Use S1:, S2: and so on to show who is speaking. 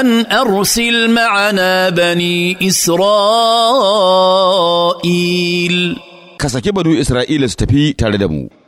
S1: أن أرسل معنا بني إسرائيل كسكبنوا إسرائيل استفي تردمو